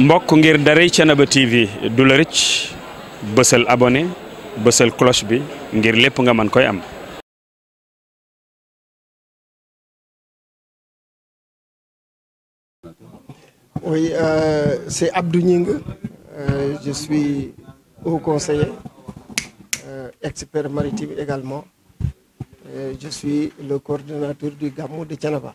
mbokk ngir daray Thiénaba TV du la rëcc bësal abonné bësal cloche bi ngir lépp nga mën koy am Oui, euh, c'est Abdou Nying. Euh, je suis haut conseiller, euh, expert maritime également. je suis le coordonnateur du GAMO de Tianaba.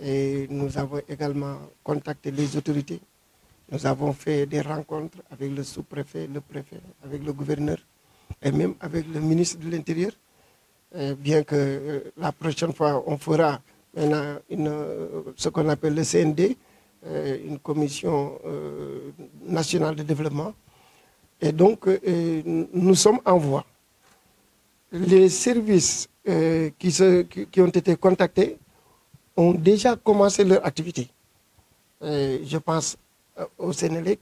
Et nous avons également contacté les autorités. Nous avons fait des rencontres avec le sous-préfet, le préfet, avec le gouverneur et même avec le ministre de l'Intérieur. Bien que euh, la prochaine fois, on fera maintenant euh, ce qu'on appelle le CND, euh, une commission nationale de développement. Et donc, nous sommes en voie. Les services qui, se, qui ont été contactés ont déjà commencé leur activité. Et je pense euh, au Sénélec,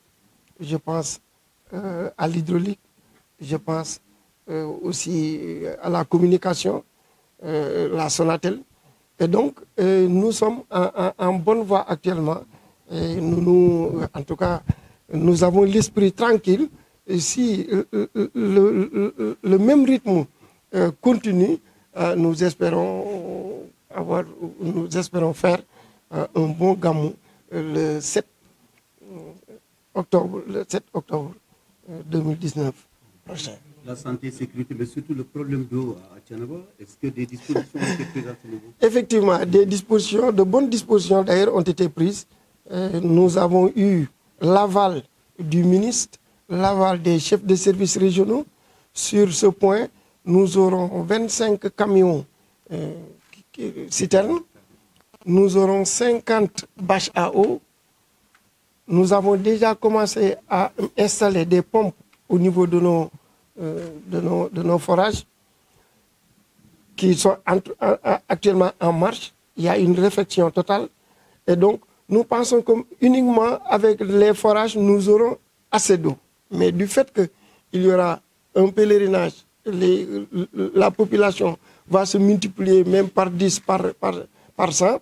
je pense euh, à l'hydraulique, je pense euh, aussi euh, à la communication, euh, la Sonatel. Et donc, euh, nous sommes en, en, en, bonne voie actuellement. Et nous, tout cas, nous avons l'esprit tranquille. Et si le, le, le, le, même rythme continue, nous espérons avoir, nous espérons faire euh, un bon gamou euh, le 7 euh, octobre, le 7 octobre 2019 euh, prochain. La santé, le problème d'eau des dispositions Effectivement, des dispositions, de bonnes dispositions d'ailleurs ont été prises. nous avons eu l'aval du ministre, l'aval des chefs de services régionaux. Sur ce point, nous aurons 25 camions euh, citernes, nous aurons 50 bâches à eau. Nous avons déjà commencé à installer des pompes au niveau de nos, euh, de nos, de nos forages qui sont actuellement en marche. Il y a une réflexion totale. Et donc, nous pensons que uniquement avec les forages, nous aurons assez Mais du fait qu'il y aura un pèlerinage les, la population va se multiplier même par 10, par, par, par 100,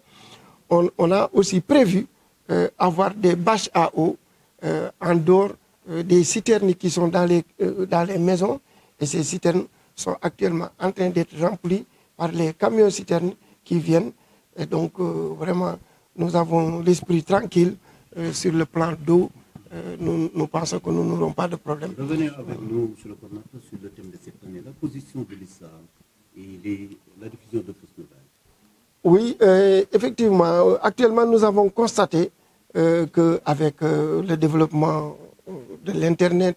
on, on a aussi prévu euh, avoir des bâches à eau euh, en dehors euh, des citernes qui sont dans les, euh, dans les maisons. Et ces citernes sont actuellement en train d'être remplies par les camions citernes qui viennent. Et donc, euh, vraiment, nous avons l'esprit tranquille sur le plan d'eau Euh, nous, nous, pensons que nous n'aurons pas de problème. Revenez avec nous, M. le sur le thème de cette année, la position de l'islam et les, la diffusion de fausses nouvelles. Oui, euh, effectivement, euh, euh, euh, le développement de l'Internet,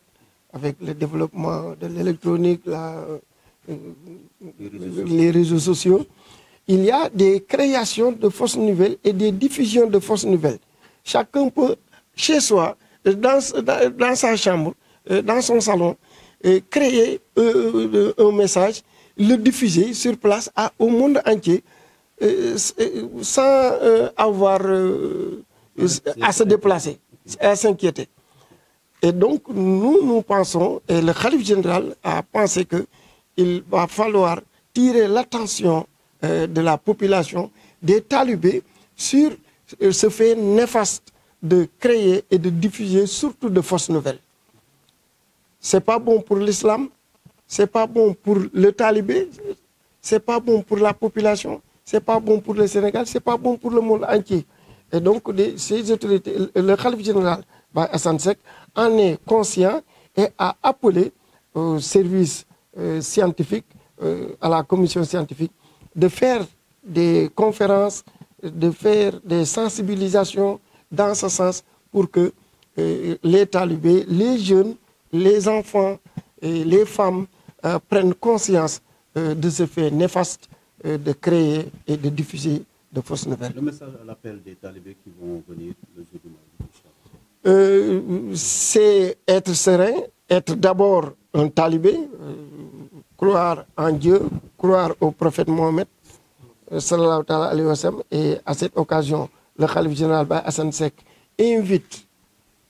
avec le développement de l'électronique, les, les réseaux sociaux, il y a des créations de fausses nouvelle et des diffusions de fausses nouvelles. Chacun peut, chez soi, dans, dans, dans sa chambre, euh, dans son salon, euh, créer euh, un message, le diffuser sur place à, au monde entier sans avoir à se déplacer, à s'inquiéter. Et donc, nous, nous pensons, et le Khalif général a pensé qu'il va falloir tirer l'attention de la population des talibés sur ce fait néfaste de créer et de diffuser surtout de fausses nouvelles. C'est pas bon pour l'islam, c'est pas bon pour le talibé, c'est pas bon pour la population, c'est pas bon pour le Sénégal, c'est pas bon pour le monde entier. Et donc de ces autorités, le Khalif général Baye Assane sec en est conscient et à appelé au euh, service euh, scientifique euh, à la commission scientifique de faire des conférences, de faire des sensibilisations dans ce sens pour que euh, les talibés, les jeunes, les enfants et les femmes euh, prennent conscience euh, de ce fait néfaste euh, de créer et de diffuser de fausses nouvelles. à l'appel des talibés qui vont venir le jour du mardi, euh, c'est être serein, être d'abord un talibé, euh, croire en Dieu, croire au prophète Mohammed, sallallahu alayhi et à cette occasion le khalife général Baye Assane Seck invite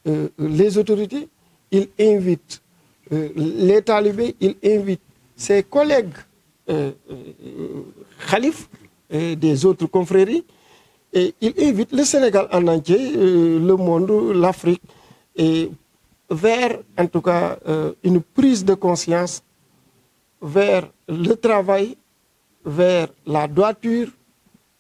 euh, les autorités, il invite euh, les talibés, il invite ses collègues euh, euh, des autres confréries et il invite le Sénégal en entier, le monde, l'Afrique et vers en tout cas une prise de conscience vers le travail, vers la droiture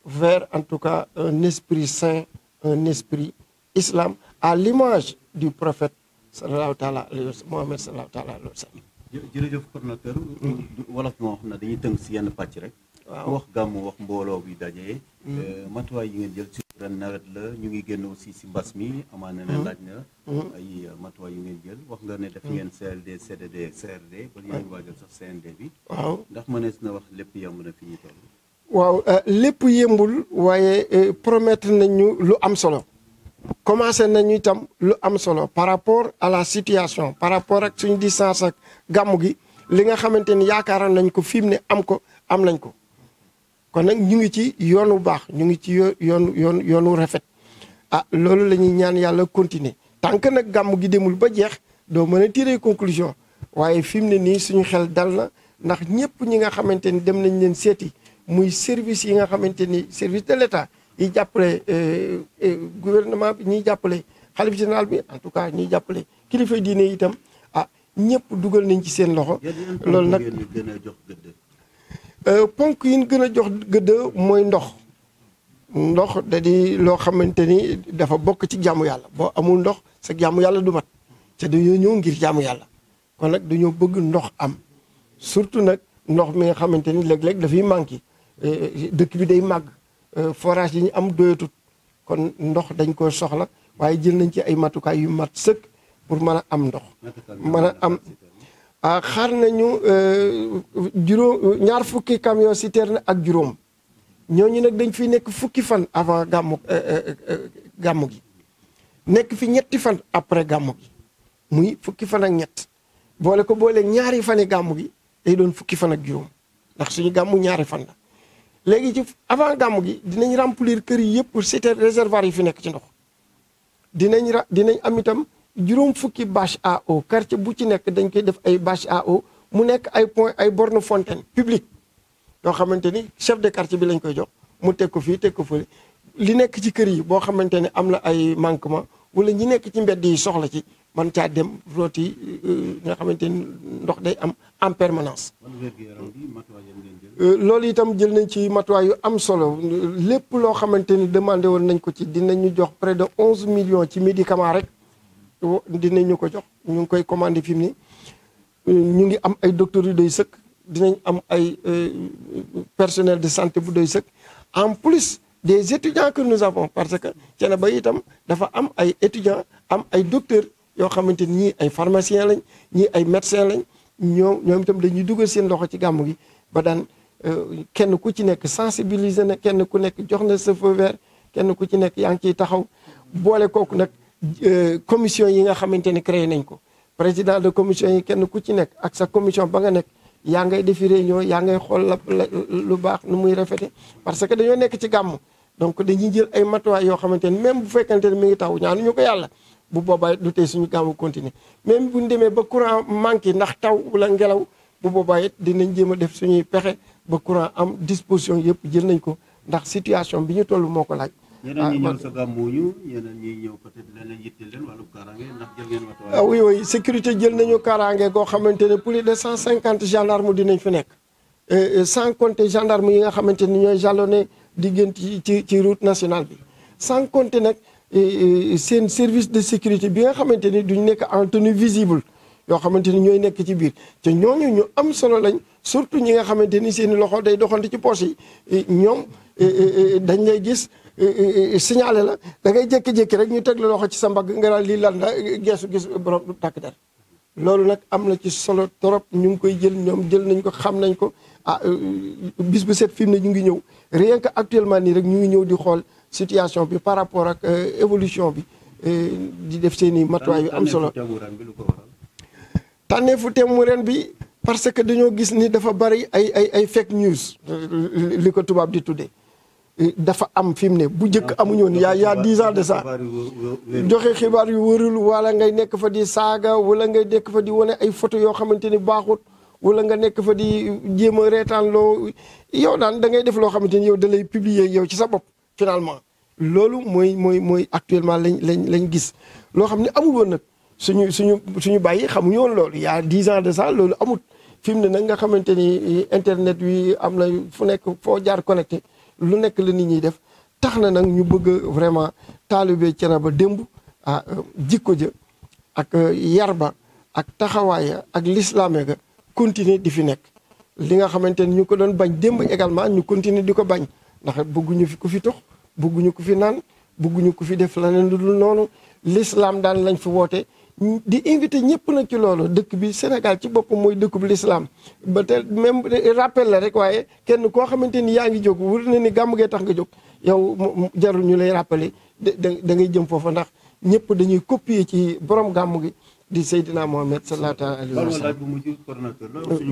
vers en tout cas un esprit saint, un esprit islam, à l'image du prophète sallallahu alayhi wa sallam, Mohamed sallallahu alayhi wa sallam. jërëjëf coordonnateur mm. wolof bi moo xam ne dañuy tënk si yenn pàcc rek. waaw wax gàmmu wax mbooloo bi dajee. Mm. Euh, matuwaay yi ngeen jël ci ren nawet la ñu ngi génn aussi si mbas mi amaana ne mm. laaj na. ay euh, matuwaay yi ngeen jël wax nga ne def ngeen CLD CDD CRD ba ñu waajal sax CND bi. waaw ndax mënees na wax lépp yemb na fi ñu toll. waaw euh, lépp yëmbul waaye euh, promettre nañu lu am solo commencé nañu itam lu am solo par rapport à la situation par rapport ak suñ distance ak gàmmu gi li nga xamante ni yaakaaroon nañ ko fi mu ne am ko am nañ ko kon nag ñu ngi ci yoon wu baax ñu ngi ci yoon yoon yoonu rafet ah loolu la ñuy ñaan yàlla continuer tant que nag gàmm gi demul ba jeex doo mën a tirer conclusion waaye fi mu ne nii suñu xel dal na ndax ñëpp ñi nga xamante ni dem nañ leen seeti muy service yi nga xamante ni service de l'État yi jàppale euh, euh, gouvernement bi ñiy jàppale xalif général bi en tout cas ñiy jàppale kilifa diine itam ah ñëpp dugal nañ ci seen loxo. loolu nag euh, ponk yi ñu gën a jox gëdd mooy ndox. ndox da di loo xamante ni dafa bokk ci jaamu yàlla boo amul ndox sa jaamu yàlla du mat te dañoo ñëw ngir jaamu yàlla kon nag dañoo bëgg ndox am surtout nag ndox mi nga xamante ni léeg-léeg dafay manqué Eh, dëkk bi day màgg eh, forage yi ñu am doyatut kon ndox dañ koy soxla waaye jël nañ ci ay matukaay yu mat sëkk pour mën a am ndox mën a am ah xaar nañu eh, juróom ñaar fukki camion citerne ak juróom ñooñu nag dañ fi nekk fukki fan avant gàmmu gàmmu gi nekk fi ñetti fan après gàmmu gi muy fukki fan ak ñett boole ko boole ñaari fani gàmmu gi day doon fukki fan ak juróom ndax suñu gàmmu ñaari fan la léegi ci avant gàmm gi dinañ remplir kër yi yëpp cité réservoir yi fi nekk ci ndox dinañ ra dinañ am itam juróom fukki bâche a eau quartier bu ci nekk dañ koy def ay bâche à eau mu nekk ay point ay borne fontaine publique yoo xamante ni chef de quartier bi lañ koy jox mu teg ko fii teg ko fële li nekk ci kër yi boo xamante ne am na ay manquement wala ñu nekk ci mbedd yi soxla ci man caa dem rooti euh, nga xamante ni ndox day am en permanence. Euh, loolu itam jël nañ ci matuwaay yu am solo lépp loo xamante ni demandé woon nañ ko ci dinañu jox près de onze millions ci médicament rek dinañ ñu ko jox ñu ngi koy commandé fi mu ni euh, ñu ngi am ay docteurs yu doy sëkk dinañ am ay personnel de santé bu doy sëkk en plus des étudiants que nous avons parce que Thiénaba itam dafa am ay étudiants am ay docteurs. yoo xamante ni ñii ay pharmacien lañ ñii ay médecin lañ ñoom ñoom dañuy dugal seen loxo ci gàmmu gi ba daan euh, kenn ku ci nekk sensibiliser na kenn ku nekk jox na sa feu vert kenn ku ci nekk yaa ngi ciy taxaw boole kooku nag euh, commission yi nga xamante ni créé nañ ko président de commission yi kenn ku ci nekk ak sa commission ba nga nekk yaa ngay defi réunion yaa ngay xool la lu baax nu muy rafete parce que dañoo nekk ci gàmm donc dañuy jël ay matuwaay yoo xamante ni même bu fekkante ni mi ngi taw ñaanu ñu ko yàlla bu boobaa du tey suñu gaamu continuer même bu ñu demee ba courant manqué ndax taw wala ngelaw bu boobaa it dinañ jéem a def suñuy pexe ba courant am disposition yëpp jël nañ ko ndax situation bi ñu toll moo ko laaj. ñeneen ñi ah, ñëw sa gàmmu ñu ñeneen ñi ñëw peut-être leneen yitte leen wàllu kaaraange ndax jël ngeen matuwaay. Ah, oui oui sécurité jël nañu kaaraange goo xamante ne plus de cent cinquante gendarme dinañ fi nekk. Euh, euh, sans compter gendarme yi nga xamante ni ñooy jalonné diggante ci ci route nationale bi sans compter nag. seen service de sécurité bi nga xamante ni duñ nekk en tenue visible yoo xamante ni ñooy nekk ci biir te ñooñu ñu am solo lañ surtout ñi nga xamante ni seen i loxo day doxante ci poche yi ñoom dañ lay gis signalé la da ngay jékki rek ñu teg loxo ci sa mbagg nga daal lii lan la geesu gis borom du der loolu nag am na ci solo trop ñu ngi koy jël ñoom jël nañ ko xam nañ ko ah euh, bis bu set fi mu ne ñu ngi ñëw rien que actuellement nii rek ñu ngi ñëw di xool situation bi par rapport ak évolution bi di def seeni i matuwaay yu am solo tànneefu teemu ren bi parce que dañoo gis ni dafa bari ay ay ay fake news li ko tubaab di tuddee dafa am fi mu ne bu njëkk amuñoon yaa yaa dix ans de ça joxe xibaar yu wërul wala ngay nekk fa di saaga wala ngay nekk fa di wane ay photo yoo xamante ni baaxut wala nga nekk fa di jéem a reetaan loo yow daan da ngay def loo xamante ni yow da lay publier yow ci sa bopp finalement loolu mooy mooy mooy actuellement lañ lañ lañ gis loo xam ni amul woon nag suñu suñu suñu bàyyi xamuñu woon loolu y a dix ans de ça loolu amut fi mu ne nag nga xamante ni eh, internet wi am na fu nekk foo jaar connecté lu nekk la nit ñuy def tax na nag ñu bëgg vraiment taalibe Thiénaba démb ah euh, jikko ja ak euh, yarba ak taxawaaya ak lislaame ga continuer di fi nekk li nga xamante ni ñu ko doon bañ démb également ñu continuer di ko bañ ndax bëgguñu fi ku fi tox bugguñu ko fi naan bugguñu ko fi def leneen lu dul noonu lislaam daan lañ fi woote di invité ñëpp nag ci loolu dëkk bi Sénégal ci boppam mooy dëkk bu l'islam ba te même rappel la rek waaye kenn koo xamante ni yaa ngi jóg wër na ni gàmm gee tax nga jóg yow jarul ñu lay rappelé da ngay jëm foofa ndax ñëpp dañuy copier ci borom gàmm gi di Seydina Mohamed sallallahu alayhi wa sallam. loolu laaj bu mujj coordonnateur loolu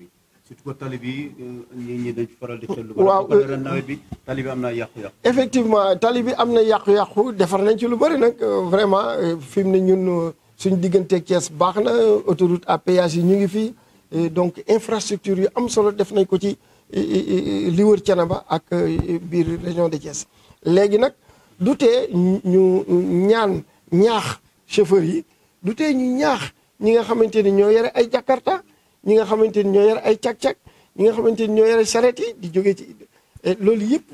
yi surtout que tali bi nit euh, ñi dañ faral di waaw ren euh, bi tali bi yàqu-yàqu. effectivement tali bi am na yàqu-yàqu defar nañ ci lu bëri nag euh, vraiment fi mu ne ñun suñu digganteeg Thiès baax na autoroute à péage yi ñu ngi fi donc infrastructure yi am solo def nañ ko ci li wër Thiénaba ak biir région de Thiès. léegi nag du tee ñu ñaan ñaax chauffeurs yi du tee ñu ñaax ñi nga xamante ni ñoo yore ay Jakarta. ñi nga xamante ni ñoo yore ay cag ñi nga xamante ni ñoo yore di jógee ci loolu yëpp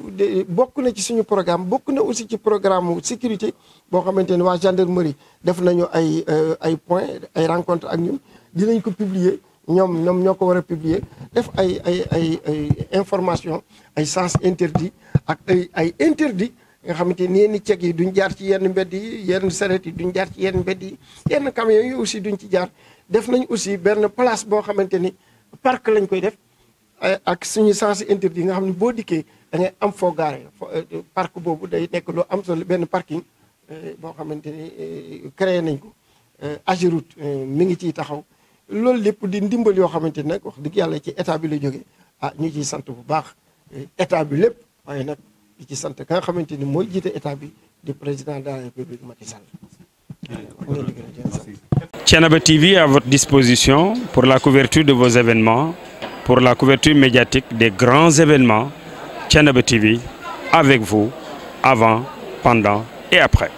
bokk na ci suñu programme bokk na aussi ci programme sécurité boo xamante ni waa gendarmerie def nañu ay euh, ay point ay rencontre ak ñun dinañ ko publier ñoom ñoom ñoo ko war a publier def ay ay ay ay information ay sens interdit ak ay ay interdit nga xamante ni ceg yi duñ jaar ci yenn mbedd yi yenn charrette yi duñ jaar ci yenn mbedd yi yenn camions yi aussi duñ ci jaar def nañ aussi benn place boo xamante ni parc lañ koy def ak suñu sens interdit nga xam ne boo dikkee da am foo gaare euh, euh, parc boobu day nekk lu am sol benn parking euh, boo xamante ni créer nañ ko Ageroute mi ngi ciy taxaw loolu lépp di ndimbal yoo xamante nag wax dëgg yàlla ci état bi la jógee ah ñu ciy sant bu baax état bi lépp waaye nag di ci sant ka nga xamante ni mooy jiite état bi di président de la république Macky Sall Thiénaba TV à votre disposition pour la couverture de vos événements, pour la couverture médiatique des grands événements. Thiénaba TV avec vous avant, pendant et après.